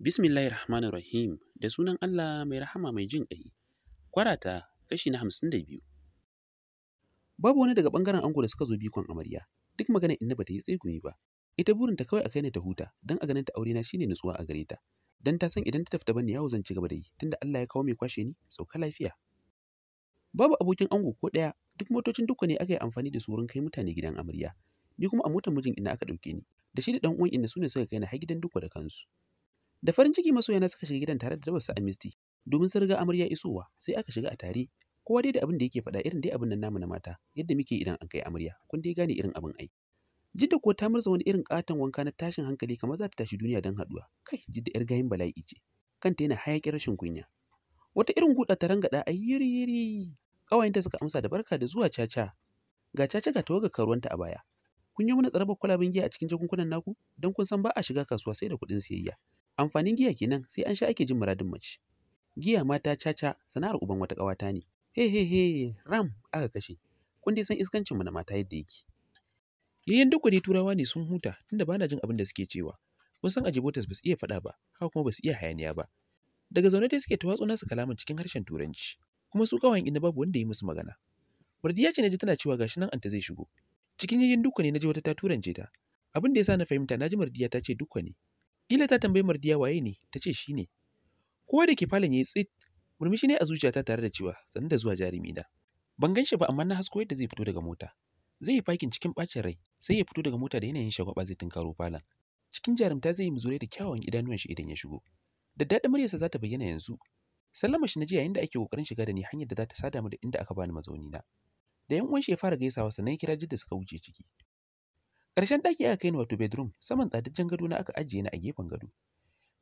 Bismillahi Rahmanir Rahim da sunan Allah mai rahama mai jin ƙai. Kwarata kashi na hamsin da biyu. Babu wani daga ɓangaren ango da suka zo bikon amarya, duk magana inna bata yi tsegumi ba. Ita burinta kawai a kai ne ta huta, don a ganin ta aure na shine nutsuwa a gare ta. Dan ta san idan ta tafi ne, yawo zan ci gaba da yi, tunda Allah ya kawo mai kwashe ni, sauka lafiya. Babu abokin ango ko ɗaya, duk motocin dukka ne aka yi amfani da su wurin kai mutane gidan amarya. Ni kuma a motar mijin ina aka ɗauke ni, da shi da ɗan uwan inna su ne suka kai na har gidan dukka da kansu. da farin ciki masoyana suka shiga gidan tare da dabar su amisti domin sun riga amarya isowa sai aka shiga a tare kowa dai da abin da yake faɗa irin dai abin nan namu na mata yadda muke idan an kai amarya kun dai gane irin abin ai jidda ko ta murza wani irin katon wanka na tashin hankali kamar za ta tashi duniya don haɗuwa kai jidda yar gayin bala'i ce kanta yana hayaƙin rashin kunya wata irin guda ta rangada a yiri yiri ƙawayenta suka amsa da barka da zuwa caca ga caca ga tawaga karuwanta a baya kun yi mana tsarabar kwalaben giya a cikin jakunkunan naku don kun san ba a shiga kasuwa sai da kuɗin siyayya Amfanin giya kenan sai an sha ake jin muradin mace. Giya ma ta caca sana'ar uban wata ƙawata ne. He he he ram aka kashe. Kun dai san iskancin mu na mata yadda yake. Yayin duk dai turawa ne sun huta tunda bana jin abin da suke cewa. Mun san ajibotas ba su iya faɗa ba, haka kuma basu su iya hayaniya ba. Daga zaune dai suke tawatsu nasu kalaman cikin harshen Turanci, kuma su kawayen inda babu wanda ya musu magana. wardiya ce na ji tana cewa gashi nan anta zai shigo. Cikin yayin dukka ne na wata ta turance ta. Abin da ya sa na fahimta na ji Mardiya ta ce dukka Kila ta tambayi Mardiya waye ne, ta ce shi ne. Kowa da ke falon ya yi tsit, murmushi ne a zuciyata tare da cewa sannu da zuwa jarumi na. Ban gan shi ba amma na hasko yadda zai fito daga mota. Zai yi fakin cikin ɓacin rai, sai ya fito daga mota da yanayin shagwaba zai tunkaro falon. Cikin jarumta zai yi muzure da kyawawan idanuwan shi idan ya shigo. Da daɗin muryarsa za ta bayyana yanzu. Sallama shi na ji yayin da ake ƙoƙarin shiga da ni hanyar da za ta sada mu da inda aka bani mazauni na. Da yan uwan ya fara gaisawa sannan ya kira jidda suka wuce ciki. ƙarshen ɗaki aka kai ni wato bedroom saman tsadajjen gado na aka ajiye ni a gefen gado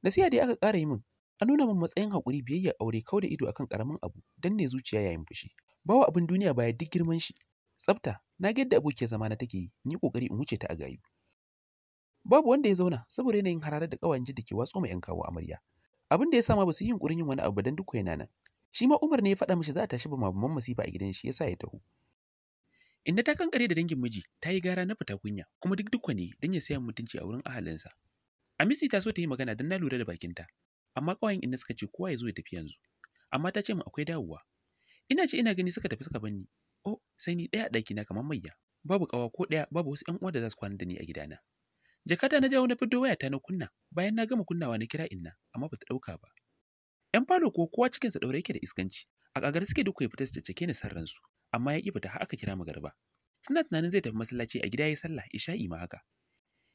nasiha dai aka ƙara yi min a nuna min matsayin haƙuri biyayya aure kau da ido akan ƙaramin abu dan ne zuciya yayin fushi bawa abin duniya baya duk girman shi tsafta na ga yadda abokiyar zamana take yi in yi ƙoƙari in wuce ta a gayu babu wanda ya zauna saboda yanayin hararar da ƙawanci da ke watso mai yan kawo amarya abin da ya sa ma ba su yi yunƙurin yin wani abu dan duk yana nan shi ma Umar ne ya faɗa mishi za a tashi ba mabuman masifa a gidan shi yasa ya taho Inda ta kankare da dangin miji ta yi gara na fita kunya kuma duk dukwa ne don ya sayan mutunci a wurin ahalinsa. Amisi ta so ta yi magana don na lura da bakinta, amma ƙawayen inda suka ce kowa ya zo ya tafi yanzu. Amma ta ce mu akwai dawowa. Ina ce ina gani suka tafi suka banni. Oh, sai ni ɗaya a ɗakina kamar mayya. Babu ƙawa ko ɗaya babu wasu 'yan uwa da za su kwana da ni a gidana. Jakata na jawo na fiddo wayata na kunna bayan na gama kunnawa na kira inna amma bata ɗauka ba. ‘Yan falo ko kowa cikinsa ɗaure yake da iskanci, a ƙagar suke duk ya fita su caccake ni san ransu, amma ya ƙi fita har aka kira garba. suna tunanin zai tafi masallaci a gida ya yi sallah isha'i ma haka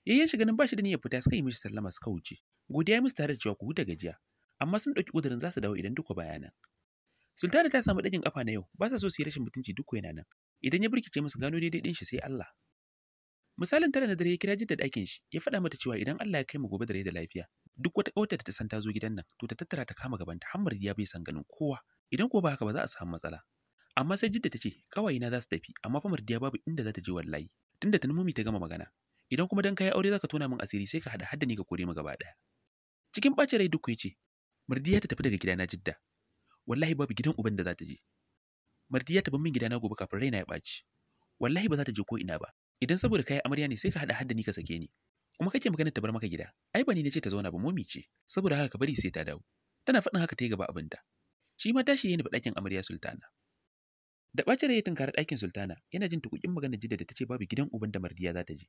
yayyan shi ganin ba shi da niyyar fita suka yi mishi sallama suka wuce godiya musu tare da cewa ku huta gajiya amma sun ɗauki ƙudurin za su dawo idan duka baya nan sultana ta samu ɗagin ƙafa na yau ba sa so su yi rashin mutunci duk yana nan idan ya birkice musu gano daidai ɗin shi sai Allah misalin tara na dare ya kira jidda ɗakin shi ya faɗa mata cewa idan Allah ya kai mu gobe da rai da lafiya duk wata ƙautar da ta san ta zo gidan nan to ta tattara ta kama gabanta hammar ya bai san ganin kowa idan ko ba haka ba za a samu matsala amma sai jidda ta ce na za su tafi amma fa mardiya babu inda za ta je wallahi tunda tuni mummy ta gama magana idan kuma dan kai aure zaka tona min asiri sai ka hada hadda ni ka kore mu gaba daya cikin bacin rai duk ce mardiya ta tafi daga gidana jidda wallahi babu gidan uban da za ta je mardiya ta bar min gidana gobe kafin raina ya ɓaci wallahi ba za ta je ko ina ba idan saboda kai amarya ne sai ka hada hadda ni ka sake ni kuma kake magana ta bar maka gida ai ba ni nace ta zauna ba momi ce saboda haka ka bari sai ta dawo tana faɗin haka ta yi gaba abinta shi ma tashi yayin da ɗakin amarya sultana Da ɓacin rai ya tunkari ɗakin sultana yana jin tukukin maganar jidda da ta ce babu gidan uban da mardiya za ta je.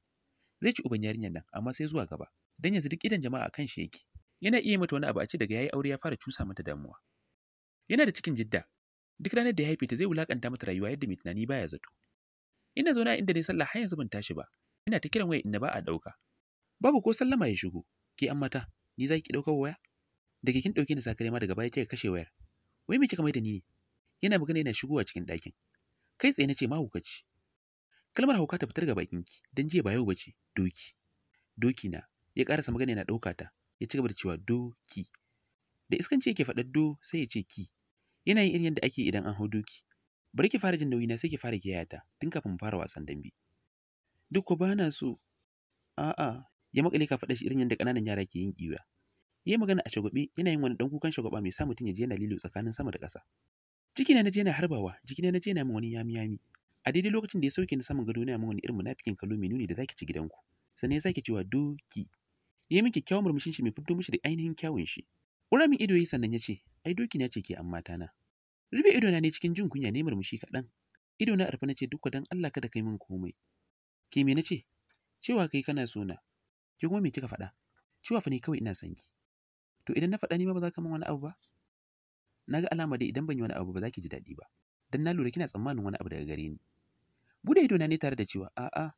Zai ci uban yarinyar nan amma sai zuwa gaba don yanzu duk idan jama'a kan shi yake. Yana iya mata wani abu a ci daga yayi aure ya fara cusa mata damuwa. Yana da cikin jidda duk ranar da ya haife ta zai wulakanta mata rayuwa yadda mai tunani baya zato. Ina zaune inda ne sallah har yanzu ban tashi ba. Ina ta kiran waya inda ba a ɗauka. Babu ko sallama ya shigo. Ki an mata, ni za ki ɗaukar waya? Da kin ɗauke ni sakare ma daga baya kika kashe wayar. Wai me kika mai da ni yana magana yana shigowa cikin ɗakin kai tsaye na ce mahaukaci kalmar hauka ta fitar ga bakinki don jiya ba yau bace doki doki na ya karasa magana yana ɗauka ta ya ci gaba da cewa doki da iskanci yake faɗar do sai ya ce ki yana yin irin yadda ake idan an hau doki bari ki fara jin nauyi na sai ki fara kiyayata tun kafin mu fara wasan dambe duk ko bana so a'a ya makale ka faɗa shi irin yadda ƙananan yara ke yin ƙiwa yayi magana a shagwabe yana yin wani dan kukan shagwaba mai sa mutum ya je yana lilo tsakanin sama da ƙasa Jikina na je na harbawa, jikina na je na min wani yami yami. A daidai lokacin da ya sauke ni saman gado na min wani irin munafikin kallo mai nuni da zaki ci gidanku. Sannan ya sake cewa doki. Ya min kyakkyawan murmushin shi mai fito mishi da ainihin kyawun shi. Ƙura min ido yi sannan ya ce, ai doki na ce ke amma na. Rufe ido na ne cikin jin kunya ne murmushi kaɗan. Ido na arfa na ce duk dan Allah kada kai min komai. Ke me na ce? Cewa kai kana so na. Ke kuma me kika faɗa? Cewa fa ne kawai ina son ki. To idan na faɗa ni ma ba za ka min wani abu ba? na ga alama dai idan ban yi wani abu ba za ki ji daɗi ba dan na lura kina tsammanin wani abu daga gare ni bude ido na ne tare da cewa a'a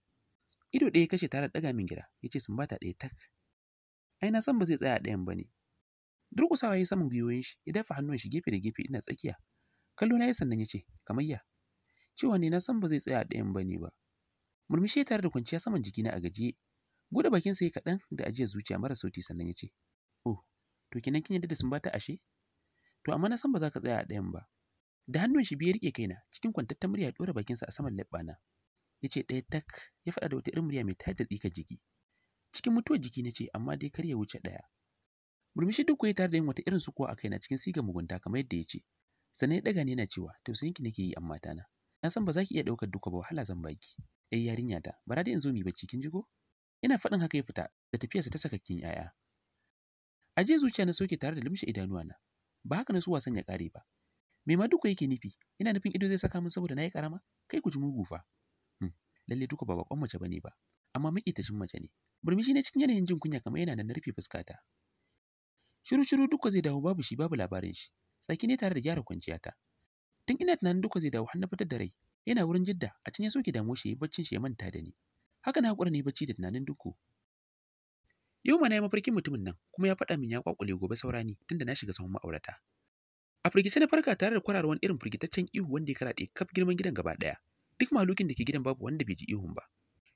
ido ɗaya kashe tare da ɗaga min gira Ya ce sumbata ɗaya tak ai na san ba zai tsaya a ɗayan ne. durƙusawa ya yi saman gwiwoyin shi ya dafa hannun shi gefe da gefe ina tsakiya kallo na ya sannan ya ce kamayya cewa ne na san ba zai tsaya a ɗayan ne ba murmushi tare da kwanciya saman jikina a gajiye bude bakin sa ya kaɗan da ajiyar zuciya mara sauti sannan ya ce oh to kinan kin yadda da sun bata ashe to amma na san ba za ka tsaya a ɗayan ba da hannun shi biye rike kaina cikin kwantattar murya ɗora bakinsa a saman leɓɓana ya ce ɗaya tak ya faɗa da wata irin murya mai tayar da tsika jiki cikin mutuwar jiki na ce amma dai kar ya wuce ɗaya murmushi duk ya tare da yin wata irin sukuwa a kaina cikin sigar mugunta kamar yadda ya ce sannan ya ɗaga ni yana cewa tausayin ki nake yi amma tana. na na san ba za ki iya ɗaukar duka ba wahala zan baki ai yarinya ta bara da in zo mu bacci kin jigo ina faɗin haka ya fita da tafiyarsa ta sakakkin 'ya'ya. aje zuciya na soke tare da limshe idanuwana ba haka na su wasan ya kare ba me ma duka yake nufi ina nufin ido zai saka min saboda na yi ƙarama kai ku ji mugu fa hmm. lalle duka ba bakon mace bane ba amma maƙitacin mace ne murmushi ne cikin yanayin jin kunya kamar yana nan rufe fuskata shiru shiru duka zai dawo babu shi babu labarin shi tsaki ne tare da gyara kwanciyata tun ina tunanin duka zai dawo har na fitar da rai yana wurin jidda a can ya soke damuwa shi baccin shi ya manta da ni haka na haƙura ne bacci da tunanin duku Yau ma na yi mafarkin mutumin nan kuma ya faɗa min ya kwakule gobe saurani tunda na shiga sahun ma'aurata. A firgice na farka tare da kwararwan irin firgitaccen ihu wanda ya karaɗe kaf girman gidan gaba ɗaya. Duk malukin da ke gidan babu wanda bai ji ihun ba.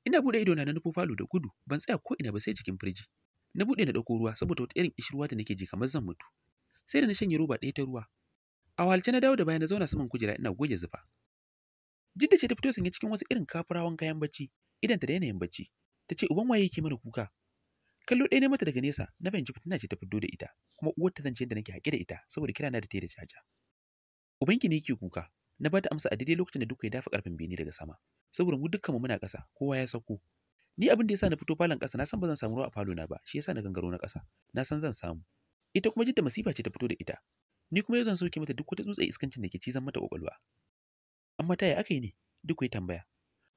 Ina buɗe ido na nufo falo da gudu ban tsaya ko ina ba sai jikin firji. Na buɗe na ɗauko ruwa saboda wata irin ƙishirwa da nake ji kamar zan mutu. Sai da na shanye roba ɗaya ta ruwa. A walce na dawo da baya na zauna saman kujera ina goge zufa. Jidda ce ta fito sanye cikin wasu irin kafurawan kayan bacci, idanta da yanayin bacci. Ta ce uban waye yake mana kuka? kallo ɗaya ne mata daga nesa na fahimci fitina ce ta fiddo da ita kuma uwar ta zance da nake haƙe da ita saboda kira na da ta da caca ubanki ne yake kuka na ba ta amsa a daidai lokacin da duka ya dafa karfin bene daga sama saboda mu dukkanmu muna ƙasa kowa ya sauko ni abin da sa na fito falon ƙasa na san ba zan samu ruwa a falo na ba shi yasa na gangaro na ƙasa na san zan samu ita kuma jidda masifa ce ta fito da ita ni kuma yau zan sauke mata duk wata tsutsar iskancin da ke cizon mata ƙwaƙwalwa. amma ta ya aka yi ne duk ya tambaya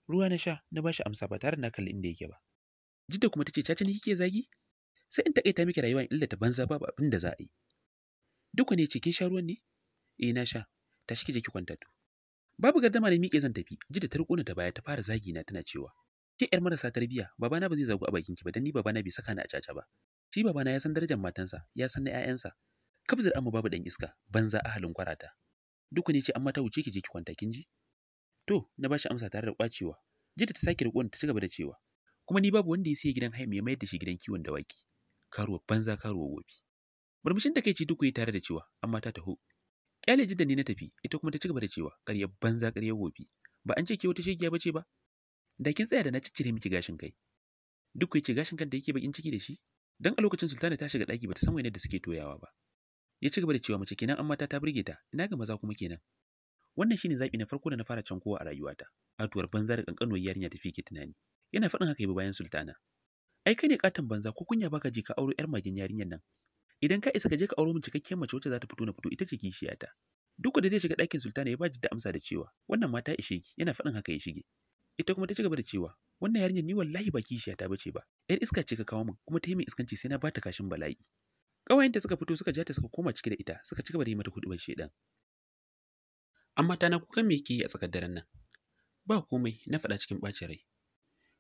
ruwa na sha na bashi amsa ba tare da na kalli inda yake ba jidda kuma tace caca ne kike zagi sai in takaita miki rayuwa in illata banza babu abin da za a yi duka ne cikin sha ruwan ne eh na sha tashi kije ki kwanta to babu gardama ne miƙe zan tafi jidda ta rukuna ta baya ta fara zagi na tana cewa ke yar marasa tarbiya babana ba zai zagu a bakin ki ba dan ni babana bai saka ni a caca ba shi babana ya san darajar matansa ya san na 'ya'yansa kabzir amma babu dan iska banza halin kwarata duka ne ce amma ta wuce ki je ki kwanta kin ji to na bashi amsa tare da kwacewa jidda ta sake rukuna ta cigaba da cewa kuma ni babu wanda ya sai gidan haim ya mayar da shi gidan kiwon dawaki karuwa banza karuwa gobe murmushin takeici duk yi tare da cewa amma ta taho kyale jidda ne na tafi ita kuma ta cigaba da cewa karya banza karya gobe ba an ce ke wata shegiya bace ba da kin tsaya da na ciccire miki gashin kai duk ku ce gashin kanta yake bakin ciki da shi dan a lokacin sultana ta shiga daki bata san wani da suke toyawa ba ya ci gaba da cewa mace kenan an ta ta burge ta ina ga maza kuma kenan wannan shine zabi na farko da na fara cankowa a rayuwata atuwar banza da kankanuwar yarinya tafi ke tunani yana faɗin haka yabi bayan sultana ai kai ne katon banza ko kunya baka ji ka auro yar magin yarinyar nan idan ka isa ka je ka auro min cikakken mace wacce za ta fito na fito ita ce kishiyata duk da zai shiga ɗakin sultana ya baji da amsa da cewa wannan mata ishe ki yana faɗin haka ya shige ita kuma ta ci da cewa wannan yarinyar ni wallahi ba kishiyata bace ba yar iska ce ka kawo min kuma ta yi min iskanci sai na bata kashin bala'i ƙawayenta suka fito suka ja ta suka koma cike da ita suka ci da yi mata huɗubar shedan amma tana kukan me yake yi a tsakar daren nan ba komai na faɗa cikin ɓacin rai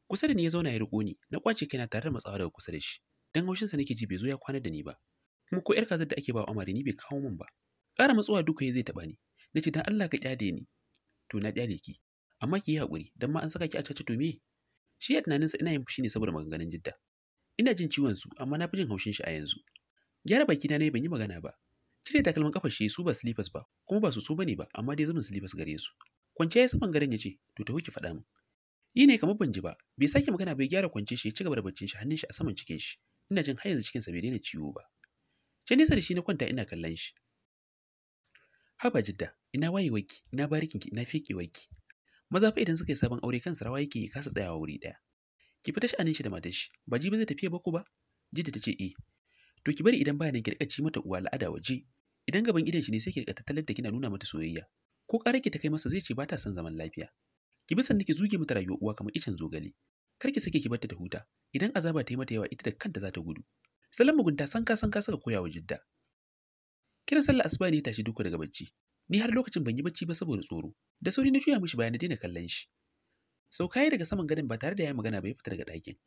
kusa da ni ya zauna ya riƙo ni na kwace kaina tare da matsawa daga kusa da shi dan haushin sa nake ji bai zo ya kwana da ni ba kuma ko yar kazar da ake ba wa amari ni bai kawo min ba ƙara matsuwa duka zai taɓa ni na ce dan Allah ka kyade ni to na kyale ki amma ki yi haƙuri dan ma an saka ki a caca to me shi ya sa ina yin fushi ne saboda maganganun jidda ina jin ciwon su amma na fi jin haushin shi a yanzu gyara baki na ne ban yi magana ba cire takalmin kafar shi su ba slippers ba kuma ba su su bane ba amma dai zubin slippers gare su kwance ya saman garin ya ce to ta huki faɗa min yi ne kamar ban ji ba bai sake magana bai gyara kwance shi ya cigaba da baccin shi hannun shi a saman cikin shi ina jin har yanzu sa bai daina ciwo ba can nisa da shi na kwanta ina kallon shi haba jidda ina waki ina barikinki ina waki maza fa idan suka yi sabon aure kansa rawa yake kasa tsayawa wuri daya ki fita sha'anin shi da matar shi ba ba zai tafiya ba ku ba jidda ta ce eh to ki bari idan bayanin ki ci mata uwa la'ada waje idan gaban idan shi ne sai ki rika tattalar da kina nuna mata soyayya ko ƙara ki ta kai masa zai ce ba ta son zaman lafiya ki bi sannan ki zuge mata rayuwar uwa kamar icen zogale kar ki sake ki barta ta huta idan azaba ta yi mata yawa ita da kanta za ta gudu salon mugunta sanka sanka suka koya wa jidda kiran sallar asuba ne tashi duka daga bacci ni har lokacin ban yi bacci ba saboda tsoro da sauri na juya mishi bayan na daina kallon shi sauka daga saman gadon ba tare da ya magana ba ya fita daga ɗakin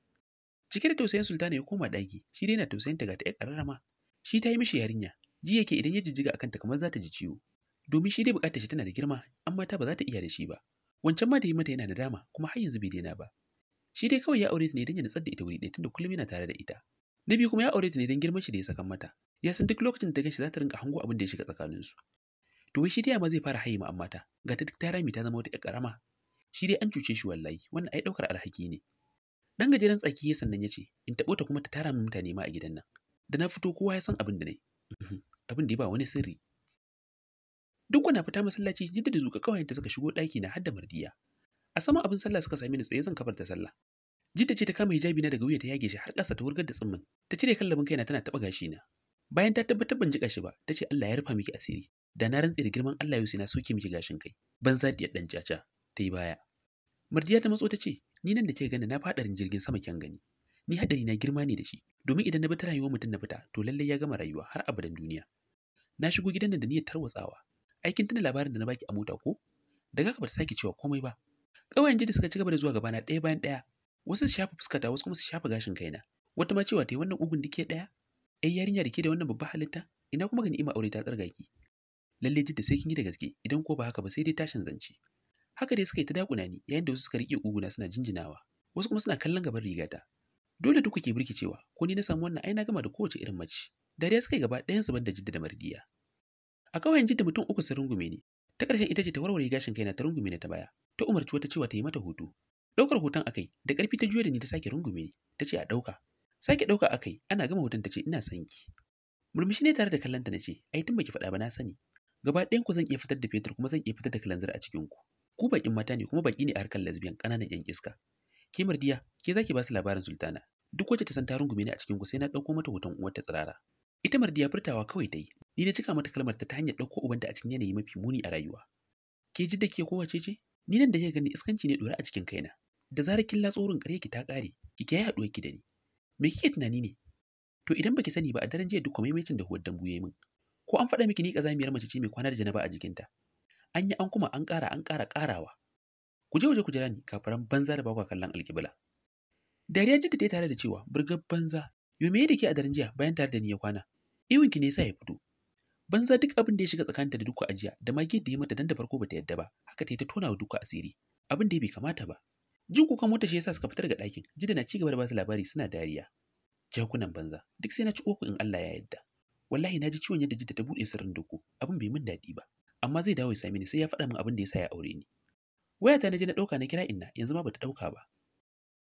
cike da tausayin sultana ya koma ɗaki shi dai na tausayin ta ga ta ya ƙararrama shi ta yi mishi yarinya ji yake idan ya jijjiga akan ta kamar za ta ji ciwo domin shi dai bukatar shi tana da girma amma ta ba za ta iya da shi ba wancan ma da yi mata yana da dama kuma har yanzu bai daina ba shi dai kawai ya aure ta ne don ya nutsar da ita wuri ɗaya tunda kullum yana tare da ita na biyu kuma ya aure ta ne don girman shi da ya sakan mata ya san duk lokacin da ta gashi za ta rinka hango abin da ya shiga su to wai shi dai ma zai fara haye ma mata ga ta duk ta rami ta zama wata ƙarama. shi dai an cuce shi wallahi wannan ai ɗaukar alhaki ne dan gajeren tsaki ya sannan ya ce in taɓo ta kuma ta tara min mutane ma a gidan nan da na fito kowa ya san abin da yi. abin da ya ba wani sirri Duk wana fita masallaci jidda da zuka kawayenta suka shigo ɗaki na hadda mardiya. A saman abin sallah suka sami ni tsaye zan kafar da sallah. Jidda ce ta kama hijabi na daga wuya ta yage shi har ƙasa ta wurgar da tsimmin. Ta cire kallabin kaina tana taɓa gashi na. Bayan ta tabbatar ban jika shi ba, ta ce Allah ya rufa miki asiri. Da na rantse da girman Allah yau sai na soke miki gashin kai. Ban zadi ya ɗan caca. Ta yi baya. Mardiya ta matso ta ce, ni nan da ke gani na faɗarin jirgin sama kyan gani. ni haɗari na girma ne da shi domin idan na bi ta rayuwar mutum na fita to lallai ya gama rayuwa har abadan duniya na shigo gidan da niyyar tarwatsawa aikin tuna labarin da na baki a mota ko daga ka ba saki sake cewa komai ba Ƙauyen da suka ci gaba da zuwa gaba na ɗaya bayan ɗaya wasu su shafa fuskata wasu kuma su shafa gashin kaina wata ma cewa ta yi wannan ugun dike ɗaya ai yarinya da ke da wannan babban halitta ina kuma gani ima aure ta tsarga ki lalle jidda sai kin yi da gaske idan ko ba haka ba sai dai tashin zance haka dai suka yi ta dakuna ni yayin da wasu suka riƙe uguna suna jinjinawa wasu kuma suna kallon gaban rigata dole duk kuke birkicewa ko ni na samu wannan ai na gama da kowace irin mace dariya suka yi gaba ɗayan su banda jidda da mardiya a ƙauyen jidda mutum uku sun rungume ni ta ƙarshen ita ce ta warware gashin kaina ta rungume ni ta baya ta umarci wata cewa ta yi mata hutu. ɗaukar hoton akai da ƙarfi ta juya da ni ta sake rungume ni ta ce a ɗauka sake ɗauka akai ana gama hoton ta ce ina son ki murmushi ne tare da kallonta na ce ai tun baki faɗa ba na sani gaba ɗayan ku zan iya fitar da fetur kuma zan iya fitar da kalanzir a cikin ku ku baƙin mata ne kuma baƙi ne a harkar lesbian ƙananan yan iska ke mardiya ke zaki ba su labarin sultana duk wacce ta san ta rungume ni a cikin ku sai na ɗauko mata hoton uwarta tsirara Ita mardiya furtawa kawai ta yi, ni na cika mata kalmar ta ta hanyar ɗauko ubanta a cikin yanayi mafi muni a rayuwa. Ke ji da ke kowa ce? ce Ni nan da ya gani iskanci ne ɗore a cikin kaina. Da zarar kin latsa wurin ƙarya ki ta ƙare, ki kiyaye haɗuwar ki da ni. Me kike tunani ne? To idan baki sani ba a daren jiya duk kwamaimacin da huwar dambu ya min. Ko an faɗa miki ni ƙazamiyar mace ce mai kwanar janaba a jikinta. An yi an kuma an ƙara an ƙara ƙarawa. Ku je waje ku jira ni kafaran banza da bakwa kallon alƙibla. Dariya jidda ta tare da cewa burgar banza Yo me da ke a daren jiya bayan tare da ni ya kwana? Iwin ki ne sa ya fito. Banza duk abin da ya shiga tsakaninta da duka a jiya da magi da ya mata dan da farko bata yadda ba, haka ta ta tona wa duka asiri. Abin da bai kamata ba. Jin kukan mota shi yasa suka fitar ga ɗakin, jida na cigaba da basu labari suna dariya. Jakunan banza, duk sai na ci uku in Allah ya yadda. Wallahi na ji ciwon yadda jidda ta buɗe sirrin duku abin bai min daɗi ba. Amma zai dawo ya same ni sai ya faɗa min abin da ya sa ya aure ni. Wayata na je na ɗauka na kira inna yanzu ma bata ɗauka ba.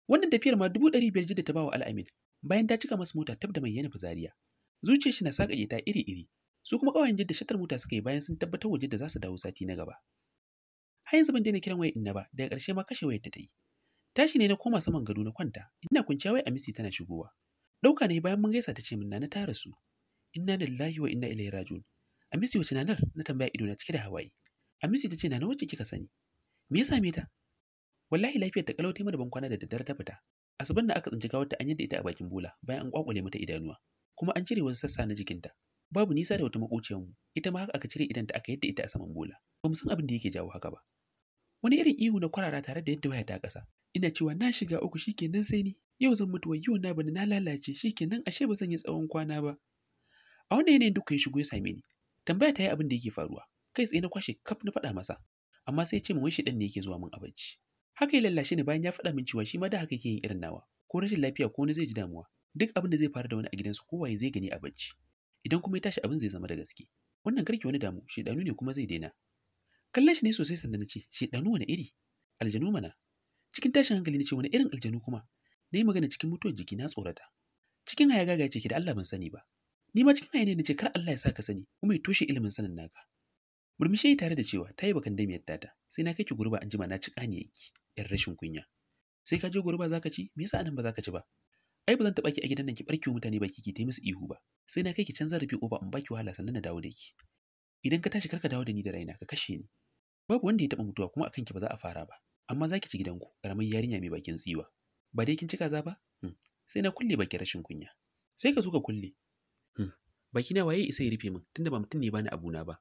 Wannan tafiyar ma dubu ɗari biyar ta bawa Al'amin, bayan ta cika masa mota tab da mai yana fuzariya zuciyar shi na saka ta iri iri su kuma ƙawayen jidda shatar mota suka yi bayan sun tabbatar wa jidda za su dawo sati na gaba har yanzu ban daina kiran wayar inna ba daga ƙarshe ma kashe wayar ta yi tashi ne na koma saman gado na kwanta ina kwanciya wai misi tana shigowa ɗauka ne bayan mun gaisa ta ce min na ta rasu inna lillahi wa inna ilaihi rajiun amisi wace nanar na tambaya ido na cike da hawaye A amisi ta ce na wacce kika sani me yasa me ta wallahi lafiyar ta kalau ta mana bankwana da daddare ta fita Asuban da aka tsinci gawarta an yadda ita a bakin bola bayan an kwakwale mata idanuwa, kuma an cire wasu sassa na jikinta. Babu nisa da wata mu ita ma haka aka cire idan ta aka yadda ita a saman bola. Ba mu san abin da yake jawo haka ba. Wani irin ihu na kwarara tare da yadda waya ta kasa Ina cewa na shiga uku shikenan sai ni. Yau zan mutu wayo na bani na lalace shikenan ashe ba zan yi tsawon kwana ba. A wannan yanayin duka ya shigo ya same ni. Tambaya ta yi abin da yake faruwa. Kai tsaye na kwashe kaf na faɗa masa. Amma sai ya ce min wai shi ne yake zuwa min abinci. haka ya lallashe ni bayan ya faɗa min cewa shi ma da haka yake yin irin nawa ko rashin lafiya ko wani zai ji damuwa duk abin da zai faru da wani a gidansu kowaye zai gani a bacci idan kuma ya tashi abin zai zama da gaske wannan karki wani damu shi danu ne kuma zai daina kallon shi ne sosai sannan na ce danu wani iri aljanu mana cikin tashin hankali na ce wani irin aljanu kuma na yi magana cikin mutuwar jiki na tsorata cikin haya gaga ce ki da Allah ban sani ba ni ma cikin haya ne na ce kar Allah ya sa ka sani kuma ya toshe ilimin sanin naka murmushi tare da cewa ta yi bakan damiyar tata sai na kai ki gurba an jima na ci ni ki 'yan rashin kunya sai ka je gobe ba za ka ci me yasa anan ba za ka ci ba ai ba zan taɓa ki a gidan nan ki barki mutane ba ke ta musu ihu ba sai na kai ki canza rufi, oba in baki wahala sannan na dawo da ki idan ka tashi ka dawo da ni da raina ka kashe ni babu wanda ya taɓa mutuwa kuma akan ki ba za a fara ba amma za ki ci gidanku ƙaramar yarinya mai bakin tsiwa ba dai kin ci kaza ba hmm. sai na kulle baki rashin kunya sai ka zo ka kulle hmm. baki na waye isa ya rufe min tunda ba mutum ne bani abuna ba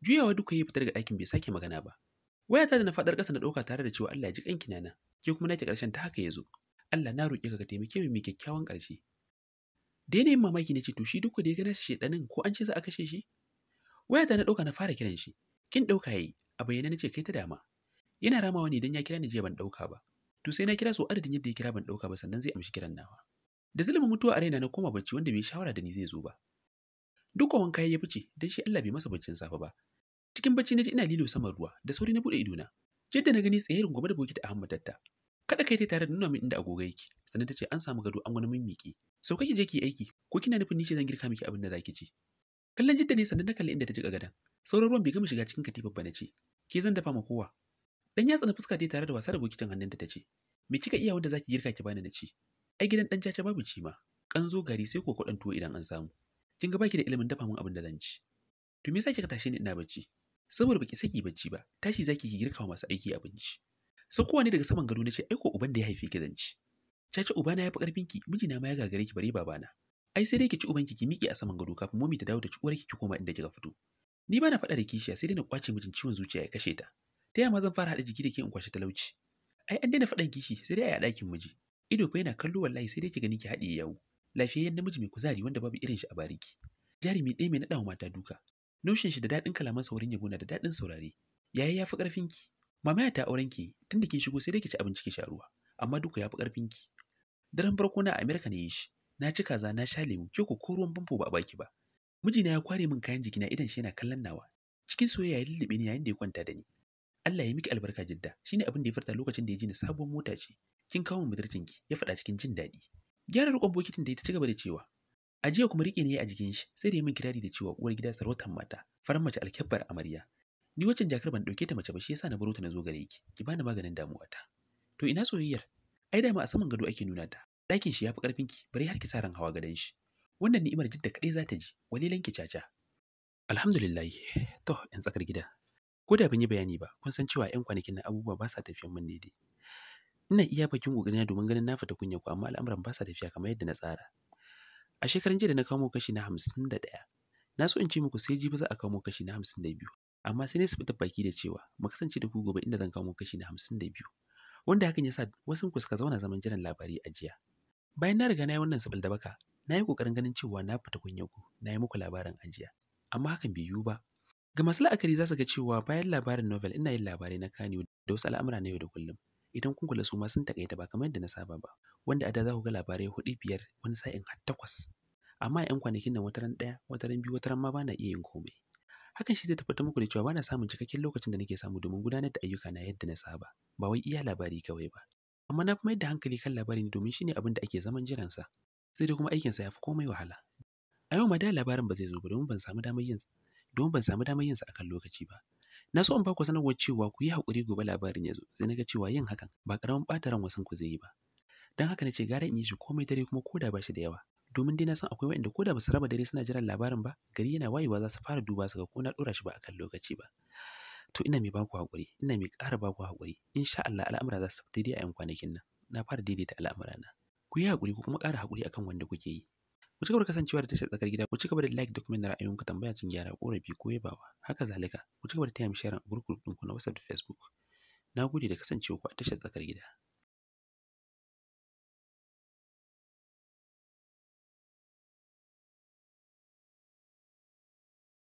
juyawa duka ya fitar ga ɗakin bai sake magana ba waya ta da na faɗar ƙasa na ɗauka tare da cewa Allah ya ji kanki nana ke kuma nake ƙarshen ta haka ya zo Allah na roƙe ka ka taimake mu mai kyakkyawan ƙarshe da yanayin mamaki na ce to shi duk da ya gana shi shedanin ko an ce za a kashe shi waya ta na ɗauka na fara kiran shi kin ɗauka yayi a bayyane na kai ta dama yana ramawa ne idan ya kira ni jiya ban dauka ba to sai na kira su adadin yadda ya kira ban ɗauka ba sannan zai amshi kiran nawa da zulumin mutuwa a raina na koma bacci wanda bai shawara da ni zai zo ba duk wanka ya fice dan shi Allah bai masa baccin safe ba Cikin bacci na ji ina lilo saman ruwa da sauri na buɗe idona. jidda na gani tsaye gobe da bokiti a tatta Kada kai ta tare da nuna min inda agogo yake. Sannan ta ce an samu gado an wani mimmiƙi. Sau kake je ki aiki ko kina nufin ni ce zan girka miki abin da zaki ci. Kallon jidda ne sannan na kalli inda ta jiƙa gadan Sauran ruwan bai gama shiga cikin katifar ba na ce. Ke zan dafa ma kowa. Dan yatsa na fuska dai tare da wasa da bokitin hannunta ta ce. Me kika iya wanda zaki girka ki bani na ci? Ai gidan dan caca babu ci ma. Kanzo gari sai ko kwaɗan tuwo idan an samu. Kin ga baki da ilimin dafa min abin da zan ci. To me yasa kika tashi ni ina bacci? saboda baki saki bacci ba tashi zaki ki girka masu aiki abinci saukowa ne daga saman gado nace ai ko uban da ya haife ki zanci caca ubana ya fi karfin ki na ma ya gagare ki bare babana ai sai dai ki ci uban ki ki miƙe a saman gado kafin momi ta dawo da ci uwar ki ki koma inda kika fito ni ba na faɗa da kishiya sai dai na kwace mijin ciwon zuciya ya kashe ta ta yamma zan fara haɗa jiki da ke in kwashe talauci ai an daina faɗan kishi sai dai a ɗakin miji ido fa yana kallo wallahi sai dai ki gani ki haɗiye yawo lafiyayyen namiji mai kuzari wanda babu irin shi a bariki jarumi ɗaya mai naɗa mata duka nushin shi da daɗin kalaman saurin yabo na da daɗin saurare. Yaya ya fi ƙarfin ki? Mamaya ta auren ki da kin shigo sai dai ki ci abinci ki sha ruwa, amma duka ya fi ƙarfin ki. Daren farko na Amerika ne yi shi. Na ci kaza na sha lemu, ke ko ruwan famfo ba a baki ba. Mijina ya kware min kayan jikina idan shi yana kallon nawa. Cikin soyayya ya lullube ni yayin da ya kwanta da ni. Allah ya miki albarka jidda shine abin da ya furta lokacin da ya ji ni sabuwar mota ce kin kawo budurcin ki ya faɗa cikin jin daɗi gyara rukon bokitin da ci gaba da cewa A jiya kuma riƙe ne a jikin shi sai da ya min kirari da cewa uwar gida sarautar mata, farar mace alkebbar amarya. Ni wacin jakar ban ɗauke ta mace ba shi yasa na baro ta na zo gare ki, ki bani maganin damuwa ta. To ina soyayyar? Ai dama a saman gado ake nuna ta. Ɗakin shi ya fi ƙarfin ki, bari har ki sa ran hawa gadon shi. Wannan ni'imar jidda kaɗai za ta ji, walilan ki caca. Alhamdulillah, to ‘yan tsakar gida. Ko da ban yi bayani ba, kun san cewa ‘yan kwanakin na abubuwa ba sa tafiyan ne. daidai. ina iya bakin na domin ganin na fita kunya ku amma al'amuran ba sa tafiya kamar yadda na tsara A shekaran jiya da na kamo kashi na hamsin da ɗaya. Na so in ce muku sai jibi za a kamo kashi na hamsin da biyu. Amma sai na su fita baki da cewa mu kasance da ku gobe inda zan kamo kashi na hamsin da biyu. Wanda hakan ya sa wasu ku suka zauna zaman jiran labari a jiya. Bayan na riga na yi wannan sabal da baka, na yi ƙoƙarin ganin cewa na fita kunyar ku, na yi muku labarin a jiya. Amma hakan bai yiwu ba. Ga masu la'akari za su ga cewa bayan labarin novel ina yin labarai na kaniyo da wasu al'amura na yau da kullum. idan kun kula su ma sun takaita ba kamar yadda na saba ba wanda a da za ku ga labarai hudu biyar wani sa'in har takwas amma yan kwanakin nan wataran ɗaya wataran biyu wataran ma bana iya yin komai hakan shi zai tabbatar muku da cewa bana samun cikakken lokacin da nake samu domin gudanar da ayyuka na yadda na saba ba wai iya labari kawai ba amma na fi mai da hankali kan labarin ne domin shine abin da ake zaman jiransa sai dai kuma aikinsa ya fi komai wahala a yau ma da labarin ba zai zo ba domin ban samu damar yin domin ban samu damar yin sa akan lokaci ba na so in ba ku sanarwar cewa ku yi haƙuri gobe labarin ya zo sai na ga cewa yin hakan ba ƙaramin ɓata ran wasan ku zai yi ba don haka na ce gara in yi shi komai dare kuma ko da ba shi da yawa domin dai na san akwai waɗanda ko da ba su raba dare suna jiran labarin ba gari yana wayewa za su fara duba su ga ko na ɗora shi ba a kan lokaci ba to ina mai baku haƙuri ina mai ƙara baku haƙuri insha Allah al'amura za su tafi daidai a yan kwanakin nan na fara daidaita al'amura na ku yi haƙuri ko kuma ƙara haƙuri akan wanda kuke yi ku cigaba da kasancewa da tashar tsakar gida ku cigaba da like da kuma na ku tambaya cin gyara ƙorafi ko yabawa haka zalika ku cigaba da taya mu sharing a group ɗinku na WhatsApp da Facebook na gode da kasancewa ku a tashar tsakar gida